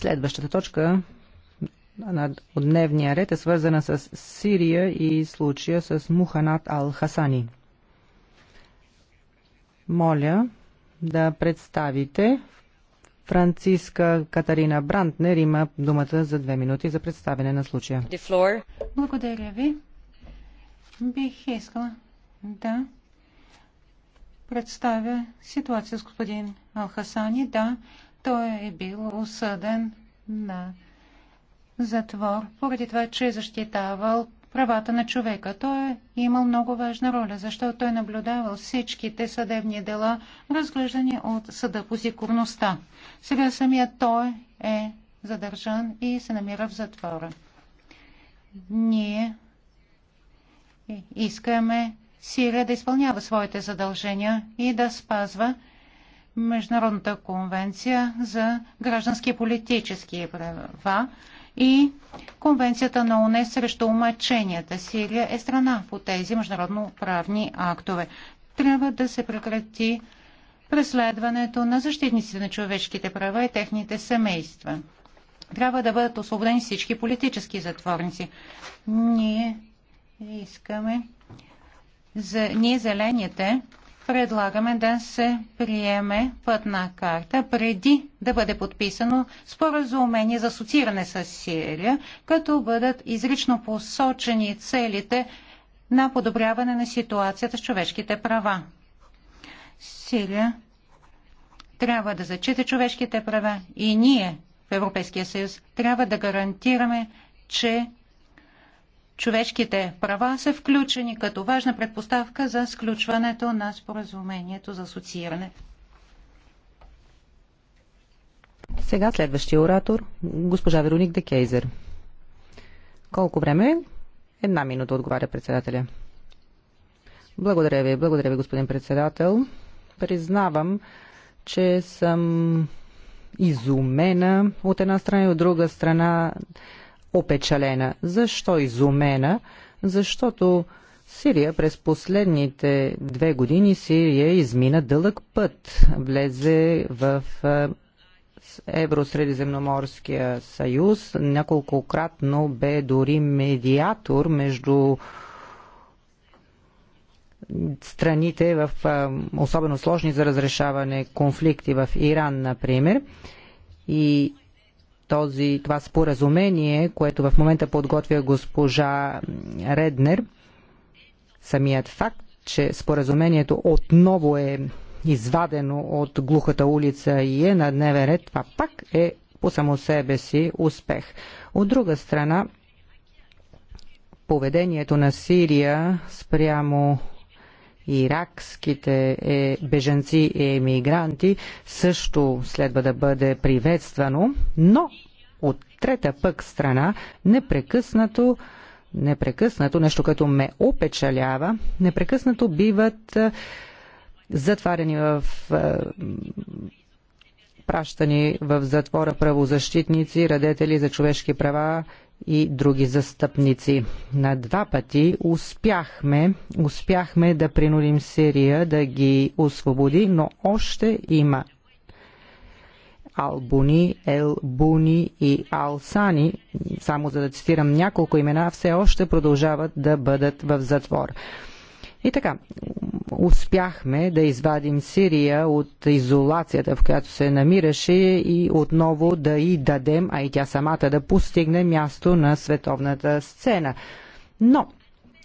Следващата точка от дневния ред е свързана с Сирия и случая с Муханат Ал-Хасани. Моля да представите Франциска Катарина Брантнер има думата за две минути за представяне на случая. Благодаря ви. Бих искала да представя ситуация с господин Алхасани. Да, той е бил осъден на затвор, поради това, че е защитавал правата на човека. Той е имал много важна роля, защото той е наблюдавал всичките съдебни дела, разглеждани от съда по сигурността. Сега самият той е задържан и се намира в затвора. Ние искаме Сирия да изпълнява своите задължения и да спазва Международната конвенция за граждански и политически права и Конвенцията на ОНЕ срещу омъченията Сирия е страна по тези международно-правни актове. Трябва да се прекрати преследването на защитниците на човешките права и техните семейства. Трябва да бъдат освободени всички политически затворници. Ние искаме за ние зелените предлагаме да се приеме пътна карта преди да бъде подписано споразумение за асоцииране с Сирия, като бъдат изрично посочени целите на подобряване на ситуацията с човешките права. Сирия трябва да зачита човешките права и ние в Европейския съюз трябва да гарантираме, че човешките права са включени като важна предпоставка за сключването на споразумението за асоцииране. Сега следващия оратор, госпожа Вероник Декейзер. Колко време? Е? Една минута отговаря председателя. Благодаря ви, благодаря ви, господин председател. Признавам, че съм изумена от една страна и от друга страна опечалена. Защо изумена? Защото Сирия през последните две години Сирия измина дълъг път. Влезе в Евросредиземноморския съюз. Няколкократно бе дори медиатор между страните в особено сложни за разрешаване конфликти в Иран, например. И този, това споразумение, което в момента подготвя госпожа Реднер, самият факт, че споразумението отново е извадено от глухата улица и е на дневен ред, това пак е по само себе си успех. От друга страна, поведението на Сирия спрямо иракските е, беженци и емигранти също следва да бъде приветствано, но от трета пък страна непрекъснато непрекъснато, нещо като ме опечалява, непрекъснато биват е, затварени в е, пращани в затвора правозащитници, радетели за човешки права и други застъпници. На два пъти успяхме, успяхме да принудим Сирия да ги освободи, но още има Албуни, Елбуни и Алсани, само за да цитирам няколко имена, все още продължават да бъдат в затвор. И така, успяхме да извадим Сирия от изолацията, в която се намираше и отново да й дадем, а и тя самата да постигне място на световната сцена. Но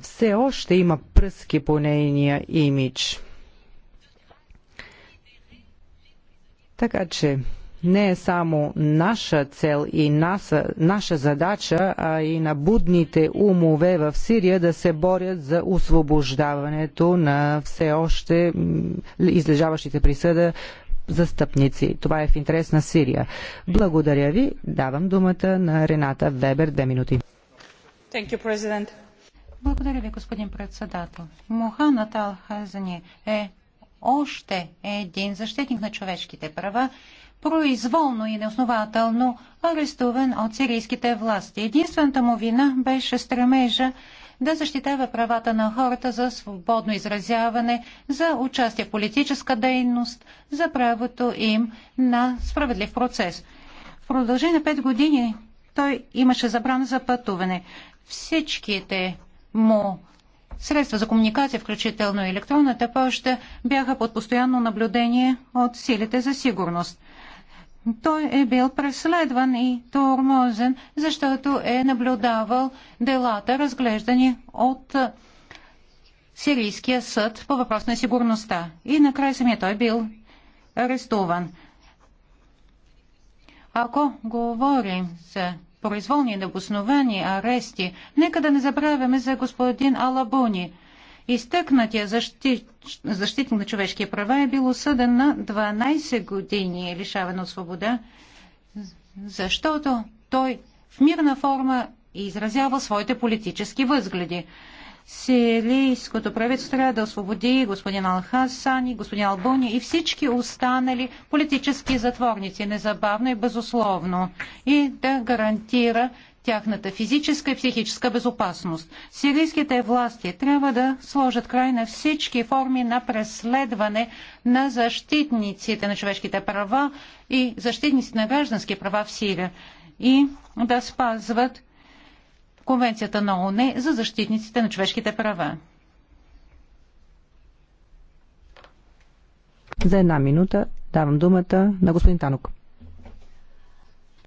все още има пръски по нейния имидж. Така че не е само наша цел и наша, наша задача, а и на будните умове в Сирия да се борят за освобождаването на все още излежаващите присъда застъпници. Това е в интерес на Сирия. Благодаря ви. Давам думата на Рената Вебер. Две минути. Thank you, President. Благодаря ви, господин председател. Моханат Алхазани е още един защитник на човешките права произволно и неоснователно арестуван от сирийските власти. Единствената му вина беше стремежа да защитава правата на хората за свободно изразяване, за участие в политическа дейност, за правото им на справедлив процес. В продължение на пет години той имаше забрана за пътуване. Всичките му средства за комуникация, включително електронната поща, бяха под постоянно наблюдение от силите за сигурност той е бил преследван и тормозен, защото е наблюдавал делата, разглеждани от Сирийския съд по въпрос на сигурността. И накрая самия той бил арестуван. Ако говорим за произволни обосновани арести, нека да не забравяме за господин Алабуни – Изтъкнатия защит, защитник на човешки права е бил осъден на 12 години е лишаване от свобода, защото той в мирна форма изразява своите политически възгледи. Сирийското правителство трябва да освободи господин Алхасани, господин Албони и всички останали политически затворници незабавно и безусловно и да гарантира, тяхната физическа и психическа безопасност. Сирийските власти трябва да сложат край на всички форми на преследване на защитниците на човешките права и защитниците на граждански права в Сирия и да спазват Конвенцията на ООН за защитниците на човешките права. За една минута давам думата на господин Танок.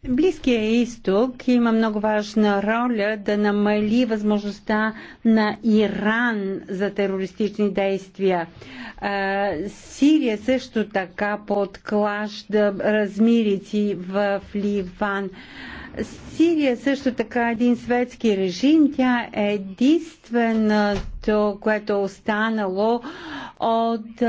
Близкия изток има много важна роля да намали възможността на Иран за терористични действия. Сирия също така подклажда размирици в Ливан. Сирия също така е един светски режим. Тя е единственото, което е останало от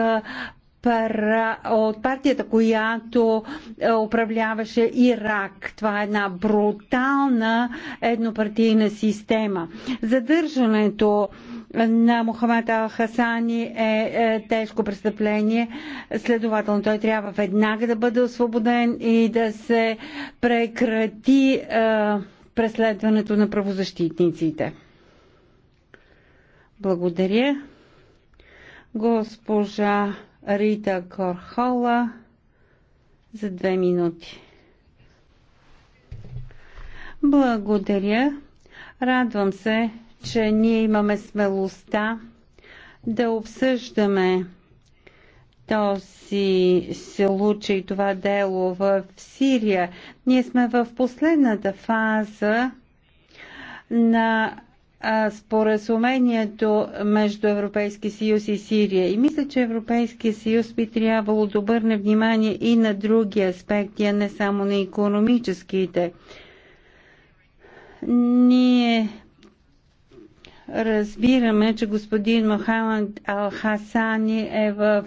от партията, която е, управляваше Ирак. Това е една брутална еднопартийна система. Задържането на Мохамед Ал Хасани е, е тежко престъпление. Следователно, той трябва веднага да бъде освободен и да се прекрати е, преследването на правозащитниците. Благодаря. Госпожа Рита Корхола за две минути. Благодаря. Радвам се, че ние имаме смелостта да обсъждаме този случай, това дело в Сирия. Ние сме в последната фаза на споразумението между Европейския съюз и Сирия. И мисля, че Европейския съюз би трябвало да обърне внимание и на други аспекти, а не само на економическите. Ние разбираме, че господин Мохамед Ал-Хасани е в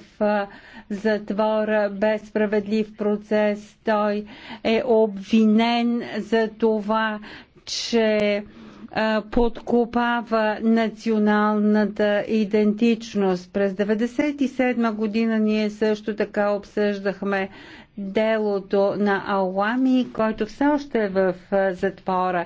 затвора без справедлив процес. Той е обвинен за това, че подкопава националната идентичност. През 1997 година ние също така обсъждахме делото на Алами, който все още е в затвора.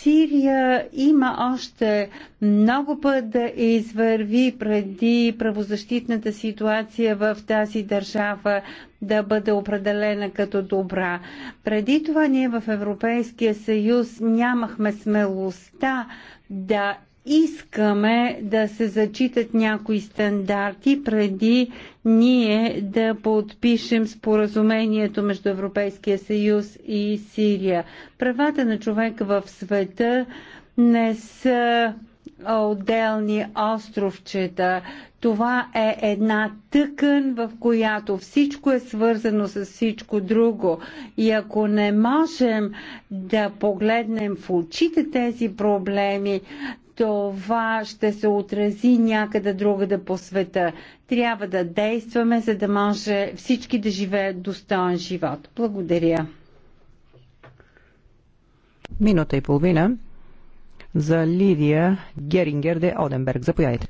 Сирия има още много път да извърви преди правозащитната ситуация в тази държава да бъде определена като добра. Преди това ние в Европейския съюз нямахме смелостта да искаме да се зачитат някои стандарти преди ние да подпишем споразумението между Европейския съюз и Сирия. Правата на човека в света не са отделни островчета. Това е една тъкън, в която всичко е свързано с всичко друго. И ако не можем да погледнем в очите тези проблеми, това ще се отрази някъде другаде по света. Трябва да действаме, за да може всички да живеят достоен живот. Благодаря. Минута и половина за Лидия Герингер де Оденберг. Заповядайте.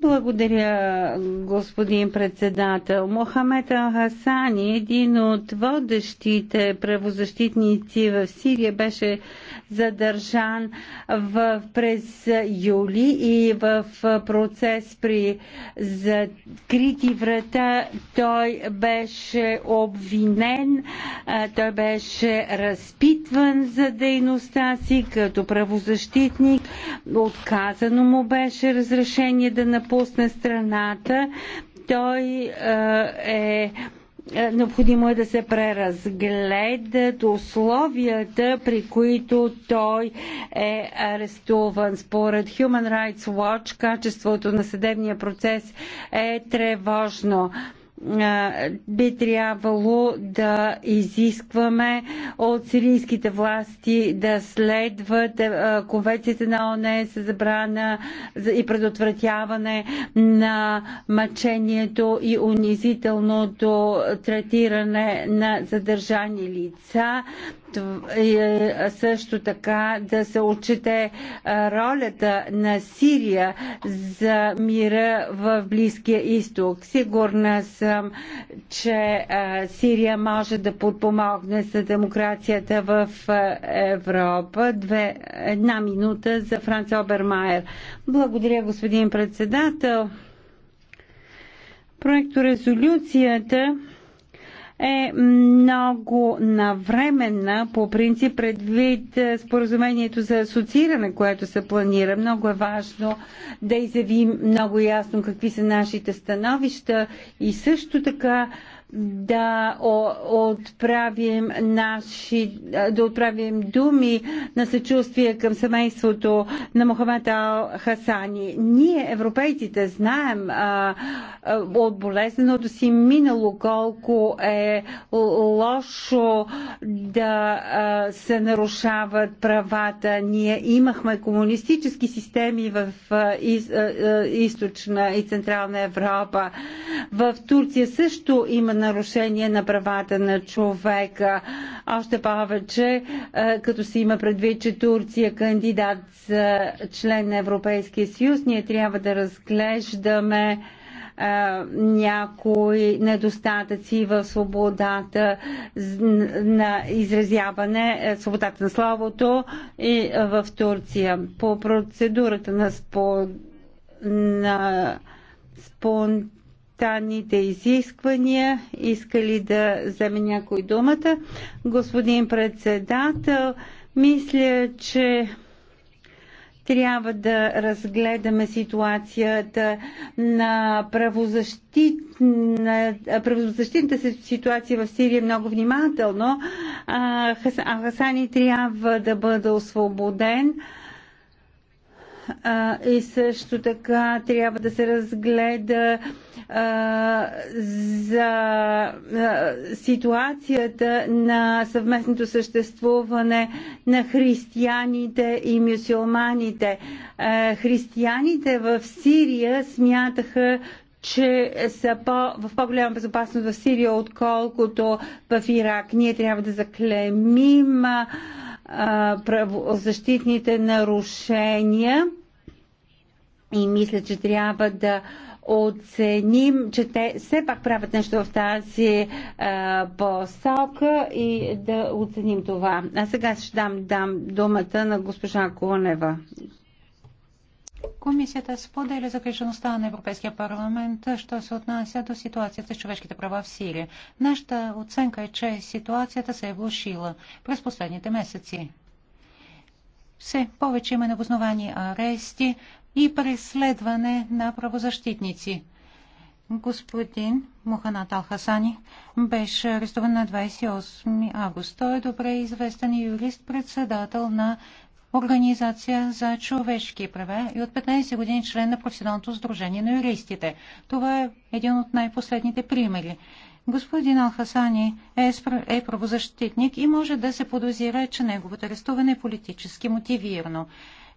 Благодаря, господин председател. Мохамед Хасани, един от водещите правозащитници в Сирия, беше задържан в, през юли и в процес при закрити врата той беше обвинен, той беше разпитван за дейността си като правозащитник. Отказано му беше разрешение да напусне страната. Той е, е, е необходимо е да се преразгледат условията, при които той е арестуван. Според Human Rights Watch качеството на съдебния процес е тревожно би трябвало да изискваме от сирийските власти да следват конвенцията на ОНЕ за забрана и предотвратяване на мъчението и унизителното третиране на задържани лица, е, е, също така да се отчете ролята на Сирия за мира в Близкия изток. Сигурна съм, че Сирия може да подпомогне за демокрацията в Европа. Две, една минута за Франц Обермайер. Благодаря, господин председател. Проекто резолюцията е много навременна по принцип предвид е, споразумението за асоцииране, което се планира. Много е важно да изявим много ясно какви са нашите становища и също така да отправим наши, да отправим думи на съчувствие към семейството на Мохамед Ал Хасани. Ние, европейците, знаем а, а, от болезненото си минало колко е лошо да а, се нарушават правата. Ние имахме комунистически системи в а, из, а, източна и централна Европа. В Турция също има нарушение на правата на човека. Още повече, е, като се има предвид, че Турция е кандидат за член на Европейския съюз, ние трябва да разглеждаме е, някои недостатъци в свободата на изразяване, свободата на словото и в Турция. По процедурата на, спо, на данните изисквания. Иска ли да вземе някой думата? Господин председател, мисля, че трябва да разгледаме ситуацията на правозащитна, правозащитната ситуация в Сирия много внимателно. Хасани трябва да бъде освободен а, и също така трябва да се разгледа а, за а, ситуацията на съвместното съществуване на християните и мюсюлманите. А, християните в Сирия смятаха, че са по, в по-голяма безопасност в Сирия, отколкото в Ирак. Ние трябва да заклемим а, правозащитните нарушения и мисля, че трябва да оценим, че те все пак правят нещо в тази а, посока и да оценим това. А сега ще дам, дам думата на госпожа Кунева. Комисията споделя загрижеността на Европейския парламент, що се отнася до ситуацията с човешките права в Сирия. Нашата оценка е, че ситуацията се е влушила през последните месеци. Все повече има необосновани арести и преследване на правозащитници. Господин Муханат Алхасани беше арестуван на 28 август. Той е добре известен юрист, председател на Организация за човешки права и от 15 години член на професионалното сдружение на юристите. Това е един от най-последните примери. Господин Алхасани е, е правозащитник и може да се подозира, че неговото арестуване е политически мотивирано.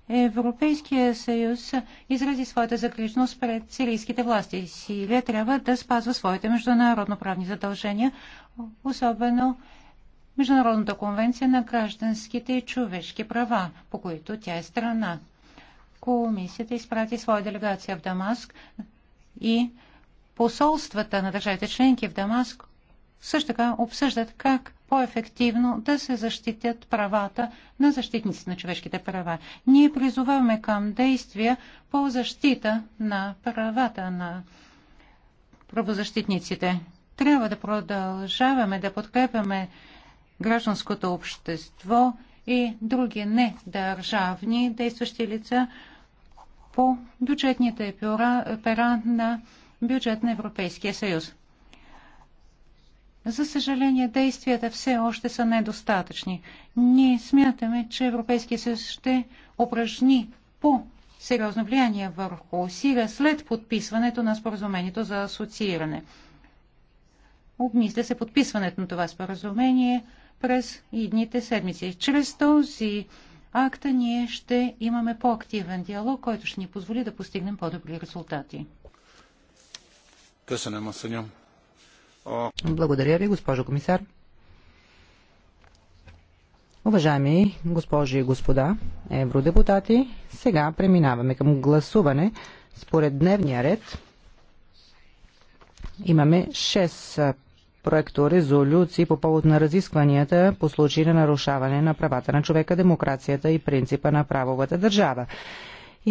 Европейския съюз изрази своята загрижност пред сирийските власти. Сирия трябва да спазва своите международно правни задължения, особено Международната конвенция на гражданските и човешки права, по които тя е страна. Комисията изпрати своя делегация в Дамаск и посолствата на държавите членки в Дамаск също така обсъждат как по-ефективно да се защитят правата на защитниците на човешките права. Ние призоваваме към действия по защита на правата на правозащитниците. Трябва да продължаваме да подкрепяме гражданското общество и други недържавни действащи лица по бюджетните пера, пера на бюджет на Европейския съюз. За съжаление, действията все още са недостатъчни. Ние смятаме, че Европейския съюз ще упражни по сериозно влияние върху Сирия след подписването на споразумението за асоцииране. Обмисля се подписването на това споразумение – през идните седмици. Чрез този акта ние ще имаме по-активен диалог, който ще ни позволи да постигнем по-добри резултати. Благодаря ви, госпожо комисар. Уважаеми госпожи и господа евродепутати, сега преминаваме към гласуване. Според дневния ред имаме 6 проекто резолюции по повод на разискванията по случай на нарушаване на правата на човека, демокрацията и принципа на правовата държава.